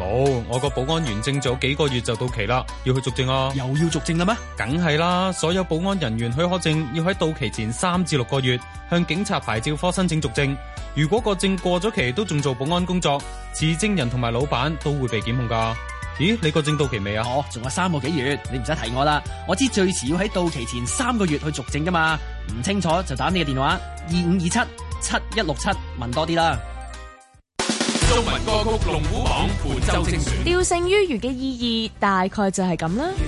冇，我個保安員證仲有幾個月就到期啦，要去續證啊！又要續證啦咩？梗係啦，所有保安人員許可證要喺到期前三至六個月向警察牌照科申請續證。如果個證過咗期都仲做保安工作，持證人同埋老闆都會被檢控噶。咦，你個證到期未啊？哦，仲有三個幾月，你唔使提我啦。我知最遲要喺到期前三個月去續證噶嘛。唔清楚就打你嘅電話二五二七七一六七問多啲啦。中文歌曲龍虎榜盤周精選，釣勝於魚嘅意義大概就係咁啦。嗯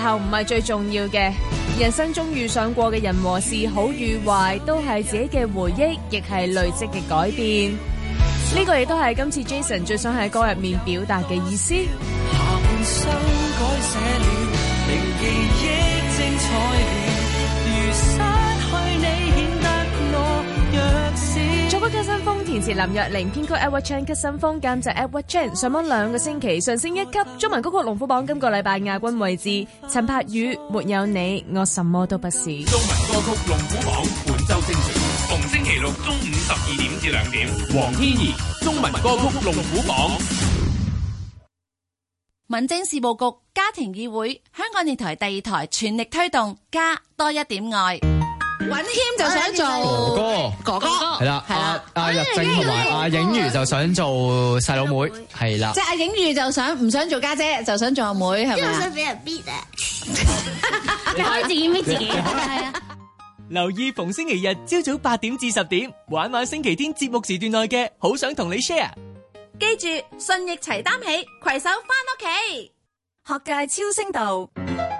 後唔係最重要嘅，人生中遇上過嘅人和事，好與壞，都係自己嘅回憶，亦係累積嘅改變。呢 個亦都係今次 Jason 最想喺歌入面表達嘅意思。 電視林若玲編曲 Edward Chan 吉新風監製 Edward Chan，上網兩個星期上升一級。中文歌曲龍虎榜今個禮拜亞軍位置陳柏宇《沒有你我什麼都不是》中文歌曲龍虎榜本周星期逢星期六中午十二點至兩點，黃天怡中文歌曲龍虎榜。民政事務局家庭議會香港電台第二台全力推動加多一點愛。尹謙就想做哥哥，哥哥係啦。阿阿入正同埋阿影如就想做細佬妹，係啦。即係阿影如就想唔想做家姐，就想做阿妹，係咪？唔想俾人逼啊！你可以自己逼自己啊！留意逢星期日朝早八點至十點，玩玩星期天節目時段內嘅好想同你 share。記住，信翼齊擔起，攜手翻屋企，學界超聲道。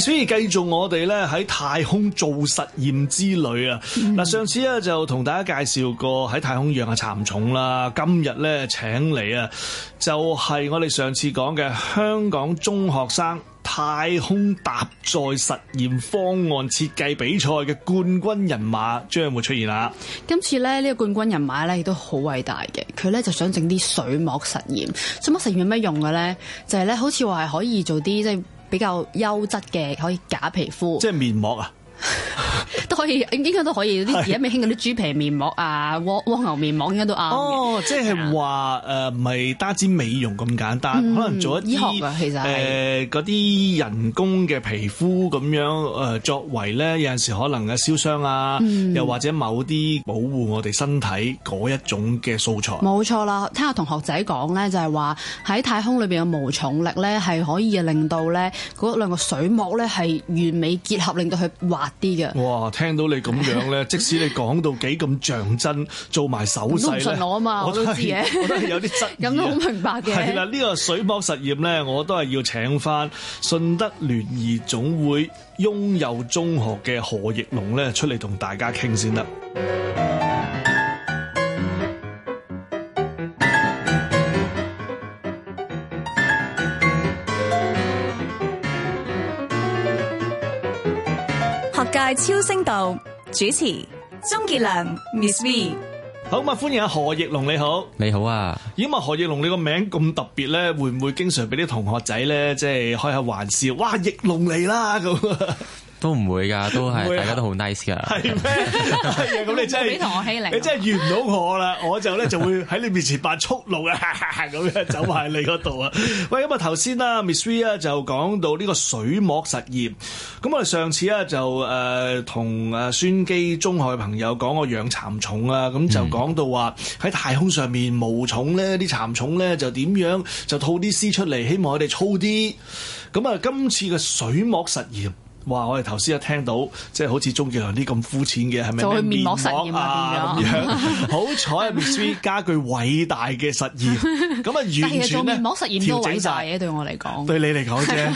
所以，繼續我哋咧喺太空做實驗之旅啊！嗱、mm，hmm。上次咧就同大家介紹過喺太空養嘅蠶蟲啦。今日咧請你啊，就係我哋上次講嘅香港中學生太空搭載實驗方案設計比賽嘅冠軍人馬將會出現啦。今次咧呢個冠軍人馬咧亦都好偉大嘅，佢咧就想整啲水膜實驗。水膜實驗有咩用嘅咧？就係、係、咧好似話係可以做啲即係。比較優質嘅可以假皮膚，即係面膜啊！ 都可以，應該都可以啲，而家未興嗰啲豬皮面膜啊，蝸蝸牛面膜應該都啱。哦，即係話誒，唔係、 呃、單止美容咁簡單，嗯、可能做一啲醫學嘅，其實誒嗰啲人工嘅皮膚咁樣誒、呃，作為咧有陣時可能嘅燒傷啊，嗯、又或者某啲保護我哋身體嗰一種嘅素材。冇錯啦，聽下同學仔講咧，就係話喺太空裏邊嘅無重力咧，係可以令到咧嗰兩個水膜咧係完美結合，令到佢滑啲嘅。哇！聽到你咁樣咧，即使你講到幾咁像真，做埋手勢我啊嘛！我都我知 我都係有啲質疑嘅。咁都好明白嘅。係啦，呢個水膜實驗咧，我都係要請翻順德聯誼總會翁祐中學嘅何奕龍咧出嚟同大家傾先得。超聲道主持鍾傑良 Miss V，好嘛，歡迎何奕龍，你好你好啊，咦嘛何奕龍，你個名咁特別咧，會唔會經常俾啲同學仔咧即係開下玩笑，哇奕龍嚟啦咁都唔會㗎，都係大家都好 nice 㗎。係咩？係啊，咁你真係你同我欺凌你真係遇唔到我啦，我就咧就會喺你面前扮粗魯嘅咁樣走埋你嗰度啊。喂，咁啊頭先啦，Ms V 啊就講到呢個水膜實驗。咁啊上次啊就誒同誒孫基中學嘅朋友講我養蠶蟲啊，咁就講到話喺太空上面無重咧，啲蠶蟲咧就點樣就吐啲絲出嚟，希望佢哋粗啲。咁啊今次嘅水膜實驗。哇！我哋頭先一聽到，即係好似鍾傑良啲咁膚淺嘅，係咪做面膜實驗啊咁樣？好彩啊！Miss V 加句偉大嘅實驗，咁啊完全面膜實驗咧調整大嘅對我嚟講，對你嚟講啫。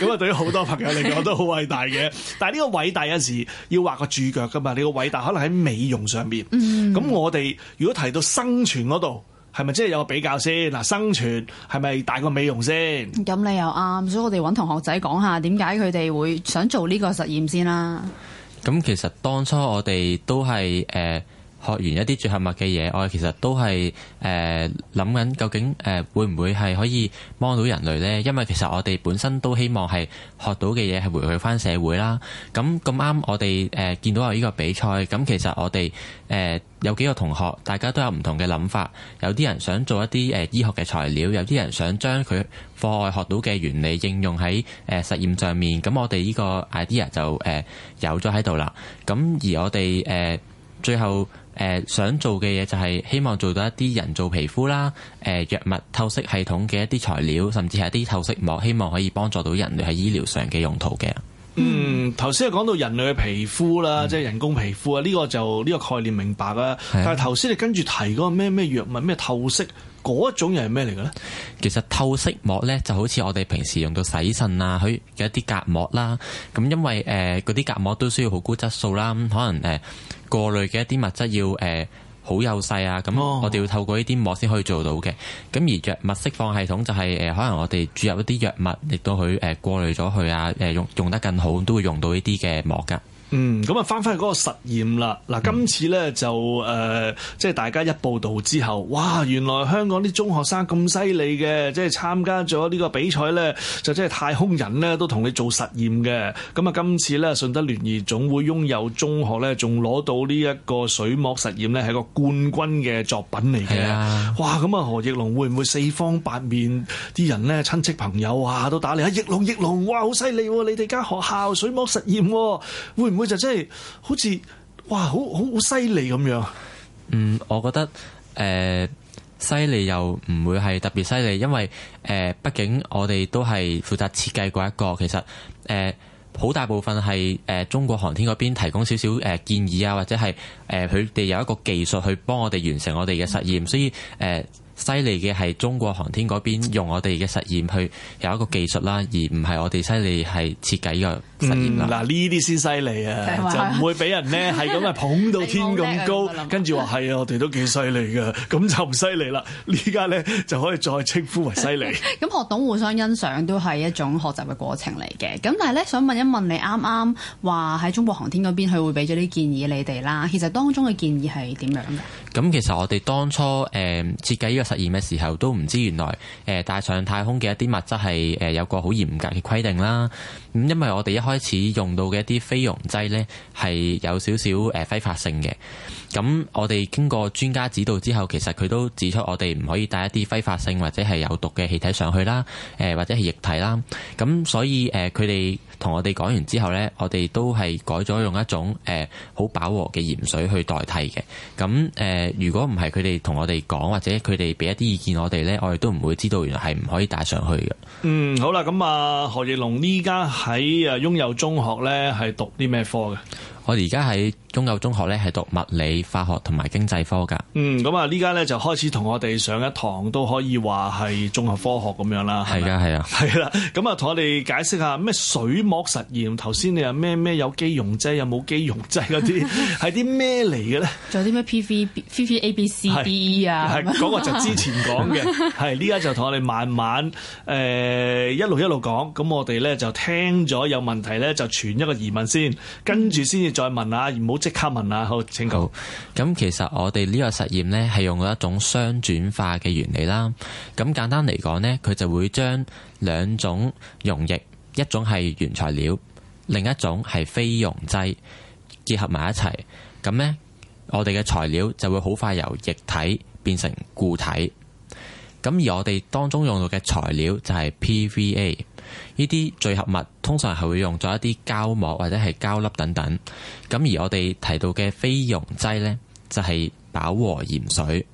咁啊，對於好多朋友嚟講都好偉大嘅。但係呢個偉大有陣時要畫個注腳㗎嘛？你個偉大可能喺美容上面。咁我哋如果提到生存嗰度。係咪即係有個比較先？嗱，生存係咪大過美容先？咁你又啱，所以我哋揾同學仔講下點解佢哋會想做呢個實驗先啦？咁其實當初我哋都係誒。呃學完一啲聚合物嘅嘢，我哋其實都係誒諗緊究竟誒、呃、會唔會係可以幫到人類呢？因為其實我哋本身都希望係學到嘅嘢係回去翻社會啦。咁咁啱，我哋誒、呃、見到有呢個比賽，咁其實我哋誒、呃、有幾個同學，大家都有唔同嘅諗法。有啲人想做一啲誒、呃、醫學嘅材料，有啲人想將佢課外學到嘅原理應用喺誒、呃、實驗上面。咁我哋呢個 idea 就誒、呃、有咗喺度啦。咁、呃、而我哋誒、呃、最後。誒、呃，想做嘅嘢就係希望做到一啲人造皮膚啦，誒、呃，藥物透析系統嘅一啲材料，甚至係一啲透析膜，希望可以幫助到人類喺醫療上嘅用途嘅。嗯，頭先係講到人類嘅皮膚啦，嗯、即係人工皮膚啊，呢、這個就呢、這個概念明白啦。但係頭先你跟住提嗰個咩咩藥物咩透析嗰一種又係咩嚟嘅咧？其實透析膜咧就好似我哋平時用到洗腎啊，佢嘅一啲隔膜啦。咁因為誒嗰啲隔膜都需要好高質素啦，可能誒。呃過濾嘅一啲物質要誒好幼細啊，咁我哋要透過呢啲膜先可以做到嘅。咁而藥物釋放系統就係、是、誒、呃，可能我哋注入一啲藥物，亦都佢誒過濾咗佢啊，誒、呃、用用得更好，都會用到呢啲嘅膜㗎。嗯，咁啊，翻翻去個實驗啦。嗱，今次咧就誒即係大家一報道之後，哇，原來香港啲中學生咁犀利嘅，即係參加咗呢個比賽咧，就真係太空人咧都同你做實驗嘅。咁啊，今次咧順德聯誼總會翁祐中學咧，仲攞到呢一個水膜實驗咧，係個冠軍嘅作品嚟嘅。啊、哇！咁啊，何奕龍會唔會四方八面啲人咧，親戚朋友啊都打你啊，奕龍奕龍哇，好犀利！你哋間學校水膜實驗，啊、會唔？佢就真係好似哇，好好犀利咁樣。嗯，我覺得誒，犀、呃、利又唔會係特別犀利，因為誒，畢、呃、竟我哋都係負責設計嗰一個，其實誒，好、呃、大部分係誒、呃、中國航天嗰邊提供少少誒、呃、建議啊，或者係誒佢哋有一個技術去幫我哋完成我哋嘅實驗，所以誒。呃犀利嘅係中國航天嗰邊用我哋嘅實驗去有一個技術啦，而唔係我哋犀利係設計嘅實驗啦。嗱呢啲先犀利啊，就唔會俾人咧係咁啊捧到天咁 高， 想跟住話係啊，我哋都幾犀利噶，咁就唔犀利啦。呢家咧就可以再稱呼為犀利。咁 學懂互相欣賞都係一種學習嘅過程嚟嘅。咁但係咧，想問一問你啱啱話喺中國航天嗰邊佢會俾咗啲建議你哋啦。其實當中嘅建議係點樣嘅？咁其實我哋當初誒、呃、設計呢個實驗嘅時候，都唔知原來誒帶、呃、上太空嘅一啲物質係誒、呃、有個好嚴格嘅規定啦。咁因為我哋一開始用到嘅一啲飛溶劑呢，係有少少誒揮發性嘅，咁我哋經過專家指導之後，其實佢都指出我哋唔可以帶一啲揮發性或者係有毒嘅氣體上去啦，誒或者係液體啦，咁所以誒佢哋同我哋講完之後呢，我哋都係改咗用一種誒好飽和嘅鹽水去代替嘅，咁誒如果唔係佢哋同我哋講或者佢哋俾一啲意見我哋呢，我哋都唔會知道原來係唔可以帶上去嘅。嗯，好啦，咁啊何奕龍呢家。喺啊，翁祐中學咧，係讀啲咩科嘅？我哋而家喺翁祐中學咧，係讀物理、化學同埋經濟科噶。嗯，咁啊，呢家咧就開始同我哋上一堂，都可以話係綜合科學咁樣啦。係啊係啊，係啦。咁啊，同 我哋解釋下咩水膜實驗。頭先你話咩咩有機溶劑有冇機溶劑啲，係啲咩嚟嘅咧？仲有啲咩 P V P V A B C D E 啊？係嗎、嗰個就之前講嘅，係呢家就同我哋慢慢誒、呃、一路一路講。咁我哋咧就聽咗有問題咧，就傳一個疑問先，跟住先。再問啊，唔好即刻問啊，好，請講。好，咁其實我哋呢個實驗呢，係用咗一種相轉化嘅原理啦。咁簡單嚟講呢，佢就會將兩種溶液，一種係原材料，另一種係非溶劑，結合埋一齊。咁呢，我哋嘅材料就會好快由液體變成固體。咁而我哋當中用到嘅材料就係 PVA。呢啲聚合物通常係會用作一啲膠膜或者係膠粒等等，咁而我哋提到嘅非溶劑呢，就係飽和鹽水。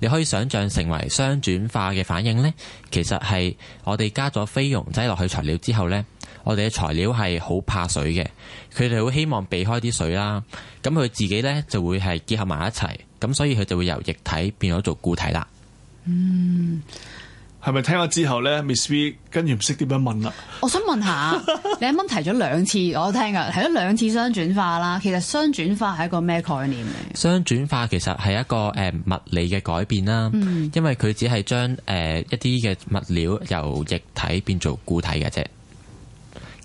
你可以想象成為相轉化嘅反應呢，其實係我哋加咗非溶劑落去材料之後呢，我哋嘅材料係好怕水嘅，佢哋會希望避開啲水啦，咁佢自己呢就會係結合埋一齊，咁所以佢就會由液體變咗做固體啦。嗯。係咪聽咗之後咧，Miss B 跟住唔識點樣問啦？我想問下，你啱啱提咗兩次 我聽㗎，提咗兩次相轉化啦。其實相轉化係一個咩概念嚟？相轉化其實係一個誒、呃、物理嘅改變啦，因為佢只係將誒、呃、一啲嘅物料由液體變做固體嘅啫。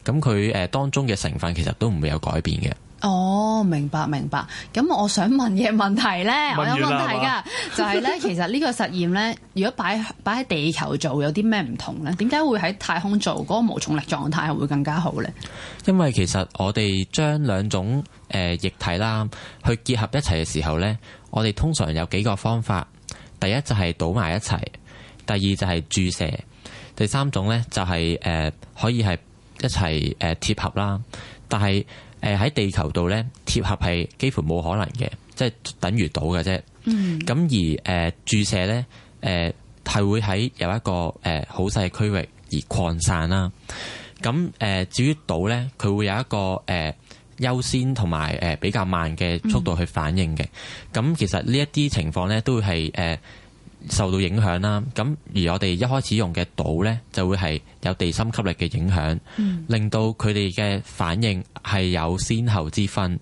咁佢誒當中嘅成分其實都唔會有改變嘅。哦，明白明白。咁我想問嘅問題呢，我有問題噶，是吧 就係、是、呢。其實呢個實驗呢，如果擺擺喺地球做，有啲咩唔同呢？點解會喺太空做嗰、嗰個無重力狀態係會更加好呢？因為其實我哋將兩種誒、呃、液體啦，去結合一齊嘅時候呢，我哋通常有幾個方法。第一就係倒埋一齊，第二就係注射，第三種呢、就係，就係誒可以係一齊誒貼合啦。但係誒喺地球度咧，貼合係幾乎冇可能嘅，即係等於島嘅啫。咁、mm hmm. 而誒、呃、注射咧，誒、呃、係會喺有一個誒好細區域而擴散啦。咁誒、呃、至於島咧，佢會有一個誒、呃、優先同埋誒比較慢嘅速度去反應嘅。咁、mm hmm. 其實呢一啲情況咧，都會係誒。呃受到影響啦，咁而我哋一開始用嘅島咧，就會係有地心吸力嘅影響，嗯、令到佢哋嘅反應係有先後之分，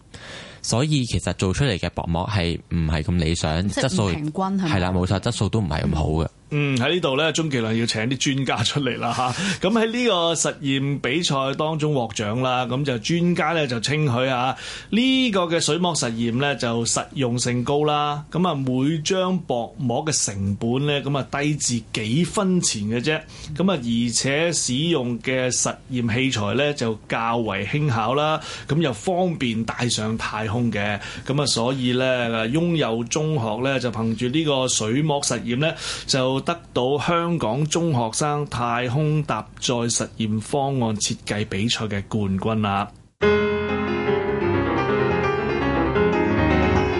所以其實做出嚟嘅薄膜係唔係咁理想，質素，係啦，冇錯，質素都唔係咁好嘅。嗯嗯，喺呢度咧，鍾傑良要請啲專家出嚟啦吓，咁喺呢個實驗比賽當中獲獎啦，咁就專家咧就稱佢啊，呢、這個嘅水膜實驗咧就實用性高啦。咁啊，每張薄膜嘅成本咧咁啊低至幾分錢嘅啫。咁啊，而且使用嘅實驗器材咧就較為輕巧啦，咁、啊啊、又方便帶上太空嘅。咁啊，所以咧、啊、翁祐中學咧就憑住呢個水膜實驗咧就。得到香港中學生太空搭載實驗方案設計比賽嘅冠軍啦！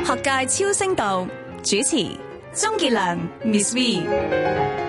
學界超聲道主持鍾傑良 Miss V。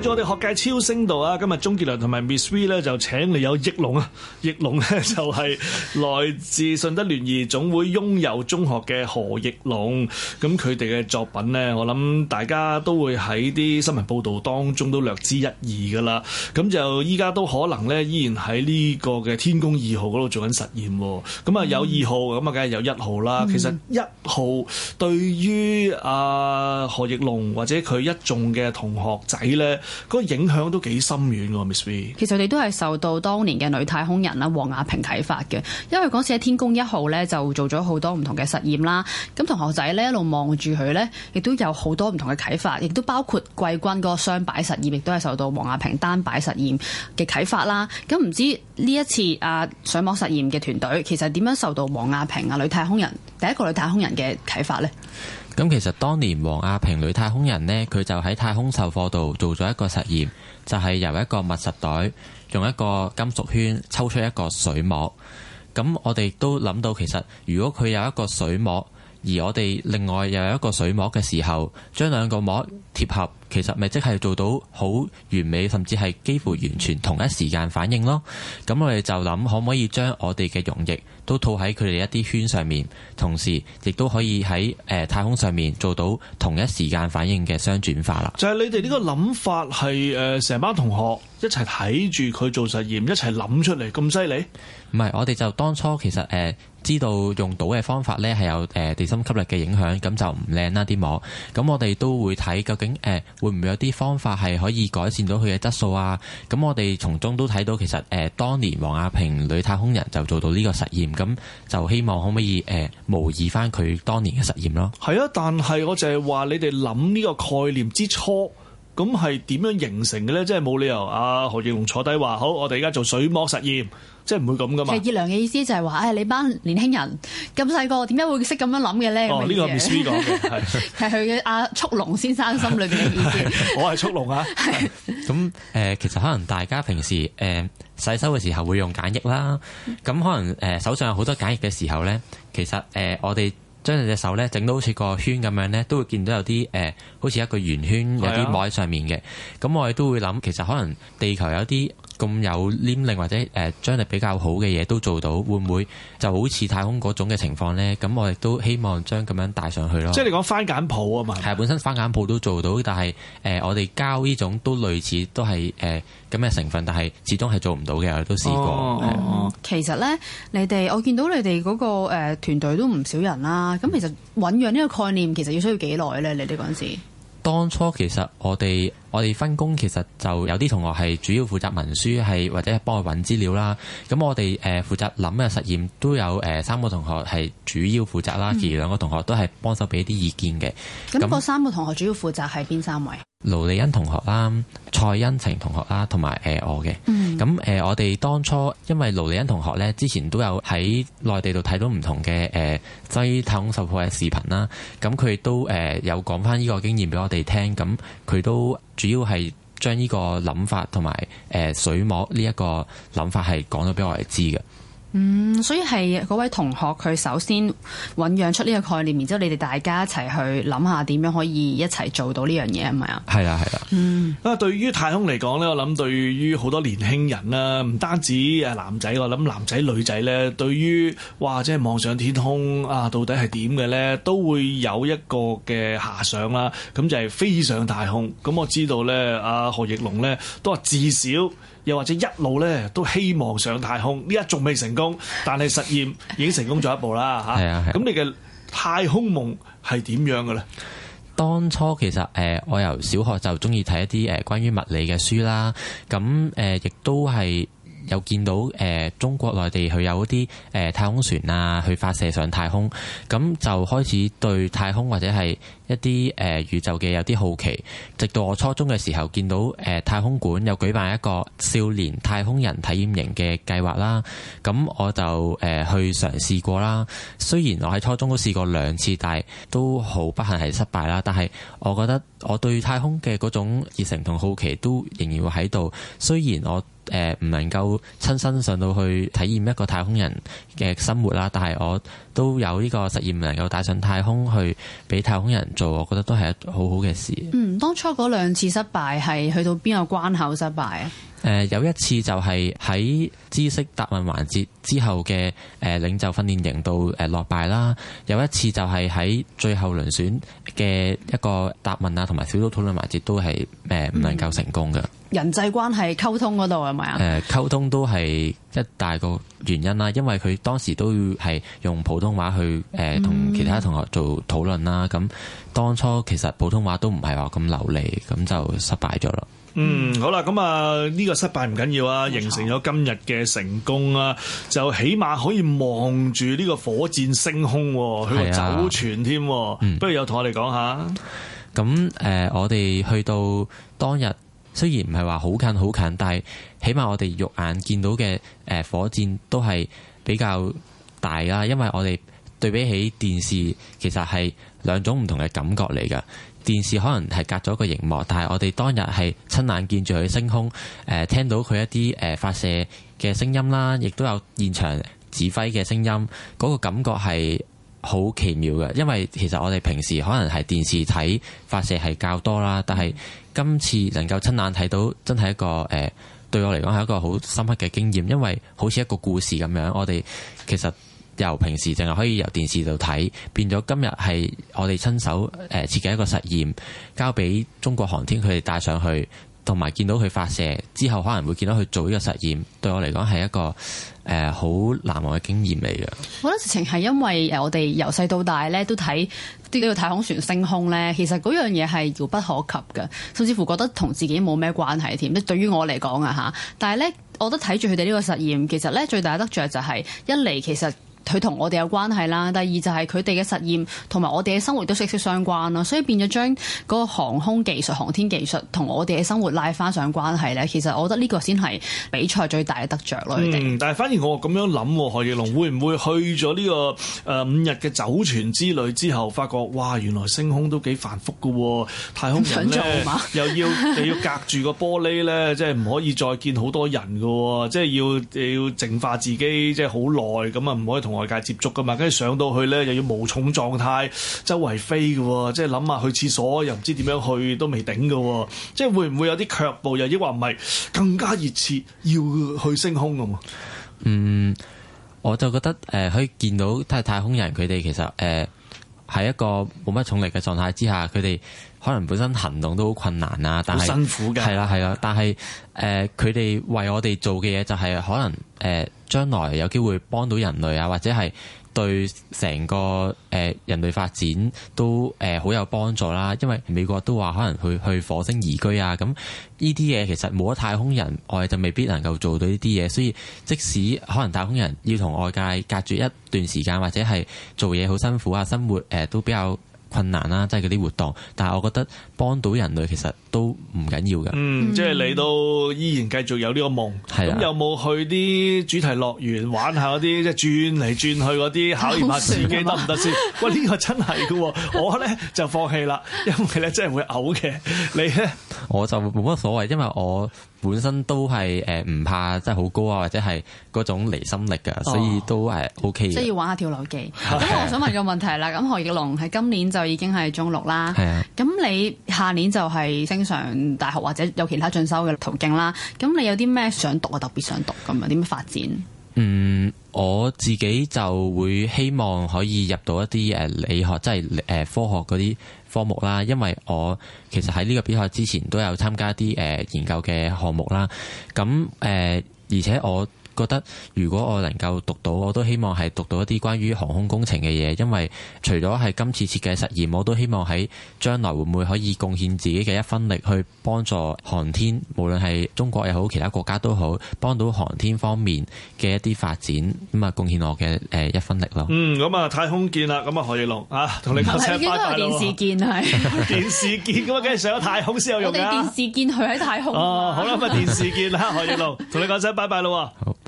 喺我哋學界超聲度啊！今日鍾傑良同埋 Ms V 咧就請嚟有奕龍啊，奕龍咧就係來自順德聯誼總會翁祐中學嘅何奕龍。咁佢哋嘅作品咧，我諗大家都會喺啲新聞報道當中都略知一二噶啦。咁就依家都可能咧，依然喺呢個嘅天宮二號嗰度做緊實驗。咁啊有二號，咁啊梗係有一號啦。嗯、其實一號對於阿、啊、何奕龍或者佢一眾嘅同學仔咧。嗰個影響都幾深遠㗎，Ms V。其實佢哋都係受到當年嘅女太空人啦，王亞平啟發嘅。因為嗰次喺天宮一號咧，就做咗好多唔同嘅實驗啦。咁同學仔咧一路望住佢咧，亦都有好多唔同嘅啟發，亦都包括季軍嗰個雙擺實驗，亦都係受到王亞平單擺實驗嘅啟發啦。咁唔知呢一次啊水膜實驗嘅團隊，其實點樣受到王亞平啊女太空人第一個女太空人嘅啟發呢？咁其實當年王亞平女太空人呢，佢就喺太空授課度做咗一個實驗，就係、是、由一個密實袋用一個金屬圈抽出一個水膜。咁我哋都諗到，其實如果佢有一個水膜，而我哋另外又有一個水膜嘅時候，將兩個膜貼合，其實咪即係做到好完美，甚至係幾乎完全同一時間反應咯。咁我哋就諗可唔可以將我哋嘅溶液都套喺佢哋一啲圈上面，同時亦都可以喺誒、呃、太空上面做到同一時間反應嘅相轉化啦。就係你哋呢個諗法係，誒，成班同學一齊睇住佢做實驗，一齊諗出嚟咁犀利？唔係，我哋就當初其實誒。呃知道用到嘅方法呢，係有誒地心吸力嘅影響，咁就唔靚啦啲膜。咁我哋都會睇究竟誒會唔會有啲方法係可以改善到佢嘅質素啊？咁我哋從中都睇到其實誒當年王亞平女太空人就做到呢個實驗，咁就希望可唔可以誒模擬翻佢當年嘅實驗咯？係啊，但係我就係話你哋諗呢個概念之初，咁係點樣形成嘅呢？即係冇理由啊！何奕龍坐低話：好，我哋而家做水膜實驗。即係唔會咁噶嘛？其實傑良嘅意思就係、是、話：，誒、哎、你班年輕人咁細個，點解會識咁樣諗嘅咧？呢個唔知嘅，係佢嘅阿速龍先生心裏邊嘅意思。 我係速龍啊是！ 咁、呃、誒，其實可能大家平時誒、呃、洗手嘅時候會用簡易啦，咁可能誒、呃、手上有好多簡易嘅時候咧，其實誒、呃、我哋將你隻手咧整到好似個圈咁樣咧，都會見到有啲誒、呃，好似一個圓圈,圈有啲膜喺上面嘅。咁、啊、我哋都會諗，其實可能地球有啲。咁有黏力或者誒、呃、張力比較好嘅嘢都做到，會唔會就好似太空嗰種嘅情況咧？咁我亦都希望將咁樣帶上去咯。即係你講番梘泡啊嘛？係本身番梘泡都做到，但係誒、呃、我哋膠呢種都類似都係誒咁嘅成分，但係始終係做唔到嘅，我都試過。哦哦呃、其實咧，你哋我見到你哋嗰、那個誒、呃、團隊都唔少人啦、啊。咁其實醞釀呢個概念其實要需要幾耐咧？你哋嗰陣時，當初其實我哋。我哋分工其實就有啲同學係主要負責文書，係或者幫佢揾資料啦。咁我哋誒負責諗嘅實驗都有誒三個同學係主要負責啦，而兩個同學都係幫手俾啲意見嘅。咁嗰三個同學主要負責係邊三位？盧麗欣同學啦、蔡恩晴同學啦，同埋誒我嘅。咁誒，我哋當初因為盧麗欣同學咧，之前都有喺內地度睇到唔同嘅誒關於太空實驗嘅視頻啦。咁佢都誒有講翻呢個經驗俾我哋聽。咁佢都。主要係將呢個諗法同埋誒水膜呢一個諗法係講咗俾我哋知嘅。嗯，所以係嗰位同學，佢首先醞釀出呢個概念，然之後你哋大家一齊去諗下點樣可以一齊做到呢樣嘢係咪啊？係啊，係啊。嗯，啊，對於太空嚟講咧，我諗對於好多年輕人啦，唔單止誒男仔，我諗男仔女仔咧，對於哇，即係望上天空啊，到底係點嘅咧，都會有一個嘅遐想啦。咁就係飛上太空。咁我知道咧，阿、啊、何奕龍咧都話至少。又或者一路咧都希望上太空，呢一仲未成功，但係實驗已經成功咗一步啦嚇。咁 你嘅太空夢係點樣嘅咧？當初其實誒，我由小學就中意睇一啲誒關於物理嘅書啦，咁誒亦都係。又見到誒、呃、中國內地佢有嗰啲誒太空船啊，去發射上太空，咁就開始對太空或者係一啲誒、呃、宇宙嘅有啲好奇。直到我初中嘅時候，見到誒、呃、太空館有舉辦一個少年太空人體驗營嘅計劃啦，咁我就誒、呃、去嘗試過啦。雖然我喺初中都試過兩次，但係都好不幸係失敗啦。但係我覺得我對太空嘅嗰種熱誠同好奇都仍然會喺度。雖然我。誒，呃，唔能夠親身上到去體驗一個太空人嘅生活啦，但係我。都有呢個實驗能夠帶上太空去俾太空人做，我覺得都係一好好嘅事。嗯，當初嗰兩次失敗係去到邊個關口失敗啊？誒、呃，有一次就係喺知識答問環節之後嘅誒、呃、領袖訓練營度誒、呃、落敗啦。有一次就係喺最後輪選嘅一個答問啊，同埋小組討論環節都係誒唔能夠成功嘅、嗯。人際關係溝通嗰度係咪啊？誒、呃，溝通都係。一大個原因啦，因為佢當時都係用普通話去誒同其他同學做討論啦，咁、嗯、當初其實普通話都唔係話咁流利，咁就失敗咗咯。嗯，好啦，咁啊呢個失敗唔緊要啊，嗯、形成咗今日嘅成功啊，錯就起碼可以望住呢個火箭升空，去酒泉添。嗯，不如有同我哋講下。咁誒、嗯、呃，我哋去到當日。雖然唔係話好近好近，但係起碼我哋肉眼見到嘅誒、呃、火箭都係比較大啦，因為我哋對比起電視，其實係兩種唔同嘅感覺嚟噶。電視可能係隔咗個熒幕，但係我哋當日係親眼見住佢升空，誒、呃、聽到佢一啲誒、呃、發射嘅聲音啦，亦都有現場指揮嘅聲音，嗰個感覺係好奇妙嘅，因為其實我哋平時可能係電視睇發射係較多啦，但係今次能夠親眼睇到，真係一個誒、呃、對我嚟講係一個好深刻嘅經驗，因為好似一個故事咁樣，我哋其實由平時淨係可以由電視度睇，變咗今日係我哋親手誒設計一個實驗交俾中國航天佢哋帶上去。同埋見到佢發射之後，可能會見到佢做呢個實驗，對我嚟講係一個誒好、呃、難忘嘅經驗嚟嘅。我覺得直情係因為誒我哋由細到大咧都睇呢個太空船升空咧，其實嗰樣嘢係遙不可及嘅，甚至乎覺得同自己冇咩關係添。即對於我嚟講啊嚇，但係咧，我覺得睇住佢哋呢個實驗，其實咧最大得着就係一嚟其實。佢同我哋有關係啦，第二就係佢哋嘅實驗同埋我哋嘅生活都息息相關咯，所以變咗將嗰個航空技術、航天技術同我哋嘅生活拉翻上關係咧，其實我覺得呢個先係比賽最大嘅得著咯。嗯，們但係反而我咁樣諗，何奕龍會唔會去咗呢、這個誒、呃、五日嘅酒泉之旅之後發覺哇，原來星空都幾繁複噶，太空人咧做又要又 要隔住個玻璃咧，即係唔可以再見好多人噶，即係要要淨化自己即係好耐，咁啊唔可以同。外界接觸㗎嘛，跟住上到去咧又要無重狀態，周圍飛嘅喎，即係諗下去廁所又唔知點樣去都未頂嘅喎，即係會唔會有啲卻步，又抑或唔係更加熱切要去升空嘅嘛？嗯，我就覺得誒、呃、可以見到太太空人佢哋其實誒喺、呃、一個冇乜重力嘅狀態之下，佢哋。可能本身行動都好困難啊，但係辛苦嘅係啦係啦，但係誒佢哋為我哋做嘅嘢就係可能誒、呃、將來有機會幫到人類啊，或者係對成個誒人類發展都誒好有幫助啦。因為美國都話可能去去火星移居啊，咁呢啲嘢其實冇咗太空人，我哋就未必能夠做到呢啲嘢。所以即使可能太空人要同外界隔絕一段時間，或者係做嘢好辛苦啊，生活誒都比較。困難啦，啊，即係嗰啲活動，但係我覺得。幫到人類其實都唔緊要嘅，嗯，即係你都依然繼續有呢個夢，係咁有冇去啲主題樂園玩下嗰啲，即係轉嚟轉去嗰啲，考驗下自己得唔得先？喂，呢個真係嘅，我咧就放棄啦，因為咧真係會嘔嘅。你咧，我就冇乜所謂，因為我本身都係誒唔怕即係好高啊，或者係嗰種離心力嘅，所以都誒 OK。即係要玩下跳樓機。咁我想問個問題啦，咁何奕龍喺今年就已經係中六啦，咁你？下年就係升上大學或者有其他進修嘅途徑啦。咁你有啲咩想讀啊？特別想讀咁啊？點樣發展？嗯，我自己就會希望可以入到一啲誒理學，即係誒科學嗰啲科目啦。因為我其實喺呢個比賽之前都有參加啲誒研究嘅項目啦。咁誒、呃，而且我覺得如果我能夠讀到，我都希望係讀到一啲關於航空工程嘅嘢，因為除咗係今次設計實驗，我都希望喺將來會唔會可以貢獻自己嘅一分力去幫助航天，無論係中國又好，其他國家都好，幫到航天方面嘅一啲發展，咁啊貢獻我嘅誒一分力咯。嗯，咁啊太空見啦，咁啊何業龍啊，同你講聲拜拜咯。唔係，應該係電視見係 電視見㗎，梗係上咗太空先有用㗎。電視見佢喺太空。 哦，好啦，咁啊電視見啦，何奕龍，同你講聲拜拜咯。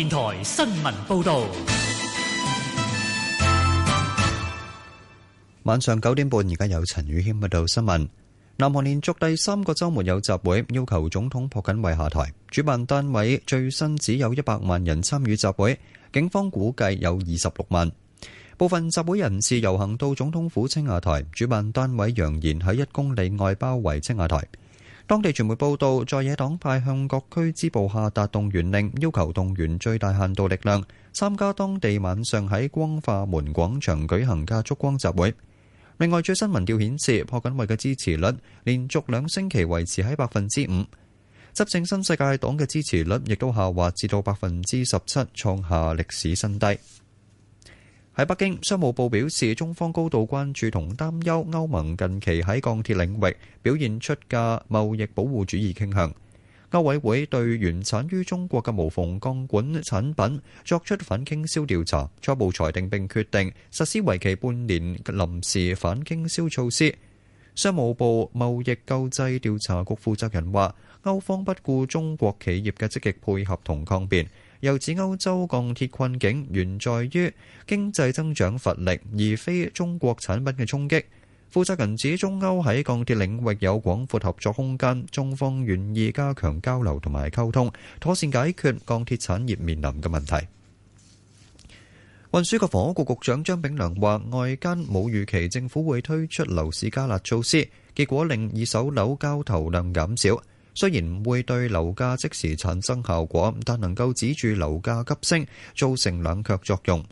電台新聞報道：晚上九點半，而家有陳宇謙報道新聞。南韓連續第三個周末有集會，要求總統朴槿惠下台。主辦單位最新只有一百萬人參與集會，警方估計有二十六萬。部分集會人士遊行到總統府青瓦台，主辦單位揚言喺一公里外包圍青瓦台。當地傳媒報道，在野黨派向各區支部下達動員令，要求動員最大限度力量，參加當地晚上喺光化門廣場舉行嘅燭光集會。另外，最新民調顯示，朴槿惠嘅支持率連續兩星期維持喺百分之五，執政新世界黨嘅支持率亦都下滑至到百分之十七，創下歷史新低。喺北京，商務部表示，中方高度關注同擔憂歐盟近期喺鋼鐵領域表現出嘅貿易保護主義傾向。歐委會對原產於中國嘅無縫鋼管產品作出反傾銷調查，初步裁定並決定實施為期半年臨時反傾銷措施。商務部貿易救濟調查局負責人話，歐方不顧中國企業嘅積極配合同抗辯。又指歐洲鋼鐵困境源在於經濟增長乏力，而非中國產品嘅衝擊。負責人指中歐喺鋼鐵領域有廣闊合作空間，中方願意加強交流同埋溝通，妥善解決鋼鐵產業面臨嘅問題。運輸及房屋局局長張炳良話：外間冇預期政府會推出樓市加辣措施，結果令二手樓交投量減少。雖然唔會對樓價即時產生效果，但能夠止住樓價急升，造成冷卻作用。